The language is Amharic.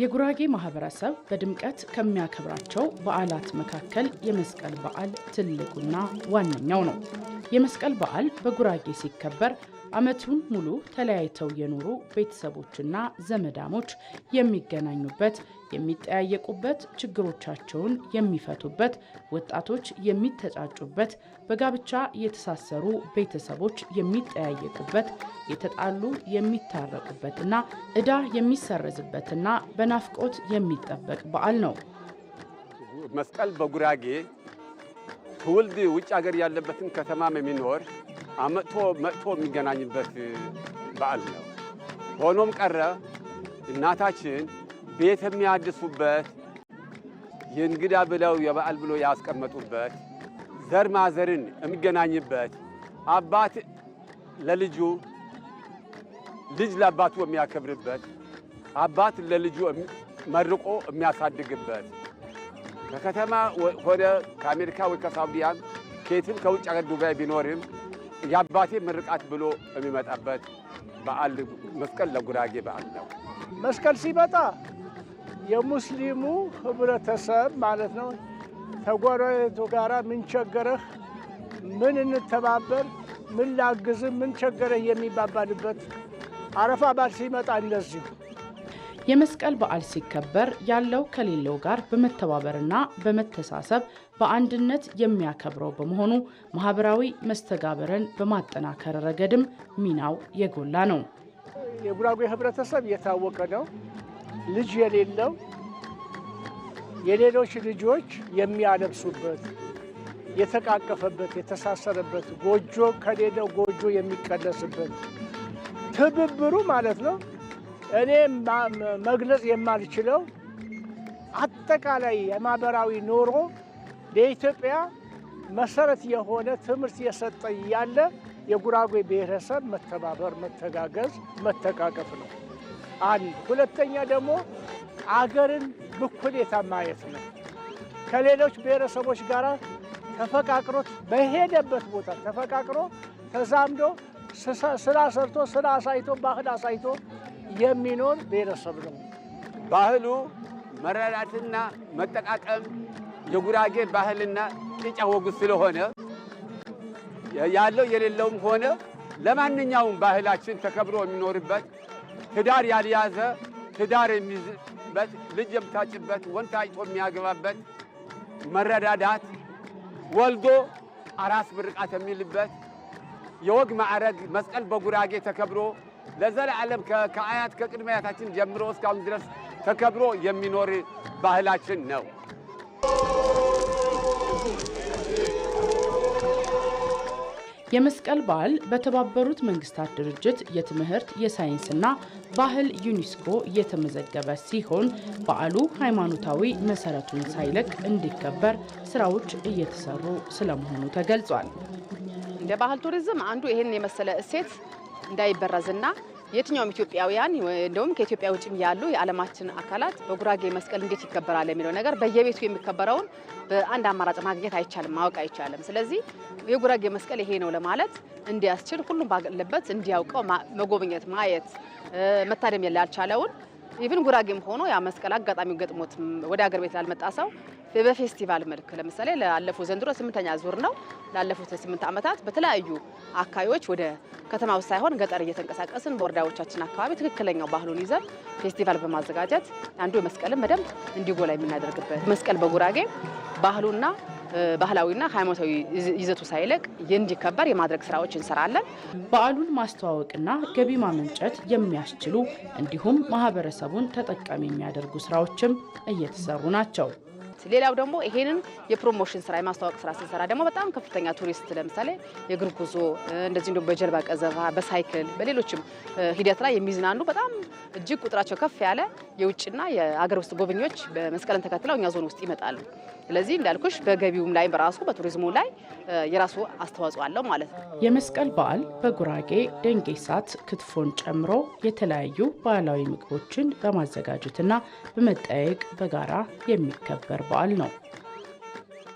የጉራጌ ማህበረሰብ በድምቀት ከሚያከብራቸው በዓላት መካከል የመስቀል በዓል ትልቁና ዋነኛው ነው። የመስቀል በዓል በጉራጌ ሲከበር ዓመቱን ሙሉ ተለያይተው የኖሩ ቤተሰቦችና ዘመዳሞች የሚገናኙበት፣ የሚጠያየቁበት፣ ችግሮቻቸውን የሚፈቱበት፣ ወጣቶች የሚተጫጩበት፣ በጋብቻ የተሳሰሩ ቤተሰቦች የሚጠያየቁበት የተጣሉ የሚታረቁበትና እዳ የሚሰረዝበትና በናፍቆት የሚጠበቅ በዓል ነው። መስቀል በጉራጌ ትውልድ ውጭ ሀገር ያለበትን ከተማም የሚኖር አመጥቶ መጥቶ የሚገናኝበት በዓል ነው። ሆኖም ቀረ እናታችን ቤት የሚያድሱበት የእንግዳ ብለው የበዓል ብሎ ያስቀመጡበት ዘር ማዘርን የሚገናኝበት አባት ለልጁ ልጅ ለአባቱ የሚያከብርበት፣ አባት ለልጁ መርቆ የሚያሳድግበት ከከተማ ሆነ ከአሜሪካ ወይ ከሳውዲያን ከየትም ከውጭ አገር ዱባይ ቢኖርም የአባቴ ምርቃት ብሎ የሚመጣበት በዓል መስቀል ለጉራጌ በዓል ነው። መስቀል ሲመጣ የሙስሊሙ ህብረተሰብ ማለት ነው ተጎረቤቱ ጋራ ምን ቸገረህ፣ ምን እንተባበር፣ ምን ላግዝህ፣ ምን ቸገረህ የሚባባልበት አረፋ በዓል ሲመጣ እንደዚሁ የመስቀል በዓል ሲከበር ያለው ከሌለው ጋር በመተባበርና በመተሳሰብ በአንድነት የሚያከብረው በመሆኑ ማህበራዊ መስተጋበርን በማጠናከር ረገድም ሚናው የጎላ ነው። የጉራጌ ህብረተሰብ የታወቀ ነው። ልጅ የሌለው የሌሎች ልጆች የሚያለብሱበት የተቃቀፈበት፣ የተሳሰረበት ጎጆ ከሌለው ጎጆ የሚቀለስበት ትብብሩ ማለት ነው። እኔ መግለጽ የማልችለው አጠቃላይ የማህበራዊ ኑሮ ለኢትዮጵያ መሰረት የሆነ ትምህርት የሰጠ ያለ የጉራጌ ብሔረሰብ መተባበር፣ መተጋገዝ፣ መተቃቀፍ ነው። አንድ ሁለተኛ ደግሞ አገርን ብኩሌታ ማየት ነው። ከሌሎች ብሔረሰቦች ጋር ተፈቃቅሮ በሄደበት ቦታ ተፈቃቅሮ ተዛምዶ ስራ ሰርቶ ስራ አሳይቶ ባህል አሳይቶ የሚኖር ብሔረሰብ ነው። ባህሉ መረዳትና መጠቃቀም የጉራጌ ባህልና ጭጫ ወጉ ስለሆነ ያለው የሌለውም ሆነ ለማንኛውም ባህላችን ተከብሮ የሚኖርበት ትዳር ያልያዘ ትዳር የሚይዝበት ልጅ የምታጭበት ወንድ ታጭቶ የሚያገባበት መረዳዳት ወልዶ አራስ ምርቃት የሚልበት የወግ ማዕረግ መስቀል በጉራጌ ተከብሮ ለዘላለም ከአያት ከቅድመ አያታችን ጀምሮ እስካሁን ድረስ ተከብሮ የሚኖር ባህላችን ነው። የመስቀል በዓል በተባበሩት መንግስታት ድርጅት የትምህርት የሳይንስና ባህል ዩኒስኮ የተመዘገበ ሲሆን በዓሉ ሃይማኖታዊ መሰረቱን ሳይለቅ እንዲከበር ስራዎች እየተሰሩ ስለመሆኑ ተገልጿል። እንደ ባህል ቱሪዝም አንዱ ይሄን የመሰለ እሴት እንዳይበረዝና የትኛውም ኢትዮጵያውያን እንደውም ከኢትዮጵያ ውጭም ያሉ የዓለማችን አካላት በጉራጌ መስቀል እንዴት ይከበራል የሚለው ነገር በየቤቱ የሚከበረውን በአንድ አማራጭ ማግኘት አይቻልም፣ ማወቅ አይቻልም። ስለዚህ የጉራጌ መስቀል ይሄ ነው ለማለት እንዲያስችል ሁሉም ባለበት እንዲያውቀው መጎብኘት፣ ማየት፣ መታደም ያልቻለውን ኢቭን ጉራጌም ሆኖ ያ መስቀል አጋጣሚ ገጥሞት ወደ ሀገር ቤት ላልመጣ ሰው በፌስቲቫል መልክ ለምሳሌ ላለፉ ዘንድሮ ስምንተኛ ዙር ነው። ላለፉት ስምንት ዓመታት በተለያዩ አካባቢዎች ወደ ከተማው ሳይሆን ገጠር እየተንቀሳቀስን በወረዳዎቻችን አካባቢ ትክክለኛው ባህሉን ይዘን ፌስቲቫል በማዘጋጀት አንዱ መስቀልን በደንብ እንዲጎላ የምናደርግበት መስቀል በጉራጌ ባህሉና ባህላዊና ሃይማኖታዊ ይዘቱ ሳይለቅ እንዲከበር የማድረግ ስራዎች እንሰራለን። በዓሉን ማስተዋወቅና ገቢ ማመንጨት የሚያስችሉ እንዲሁም ማህበረሰቡን ተጠቃሚ የሚያደርጉ ስራዎችም እየተሰሩ ናቸው። አለበት። ሌላው ደግሞ ይሄንን የፕሮሞሽን ስራ የማስተዋወቅ ስራ ስንሰራ ደግሞ በጣም ከፍተኛ ቱሪስት ለምሳሌ የእግር ጉዞ እንደዚህ ደግሞ በጀልባ ቀዘፋ፣ በሳይክል በሌሎችም ሂደት ላይ የሚዝናኑ በጣም እጅግ ቁጥራቸው ከፍ ያለ የውጭና የአገር ውስጥ ጎብኚዎች በመስቀልን ተከትለው እኛ ዞን ውስጥ ይመጣሉ። ስለዚህ እንዳልኩሽ በገቢውም ላይ በራሱ በቱሪዝሙ ላይ የራሱ አስተዋጽኦ አለው ማለት ነው። የመስቀል በዓል በጉራጌ ደንጌሳት ክትፎን ጨምሮ የተለያዩ ባህላዊ ምግቦችን በማዘጋጀትና በመጠየቅ በጋራ የሚከበር በዓል trabalho, não.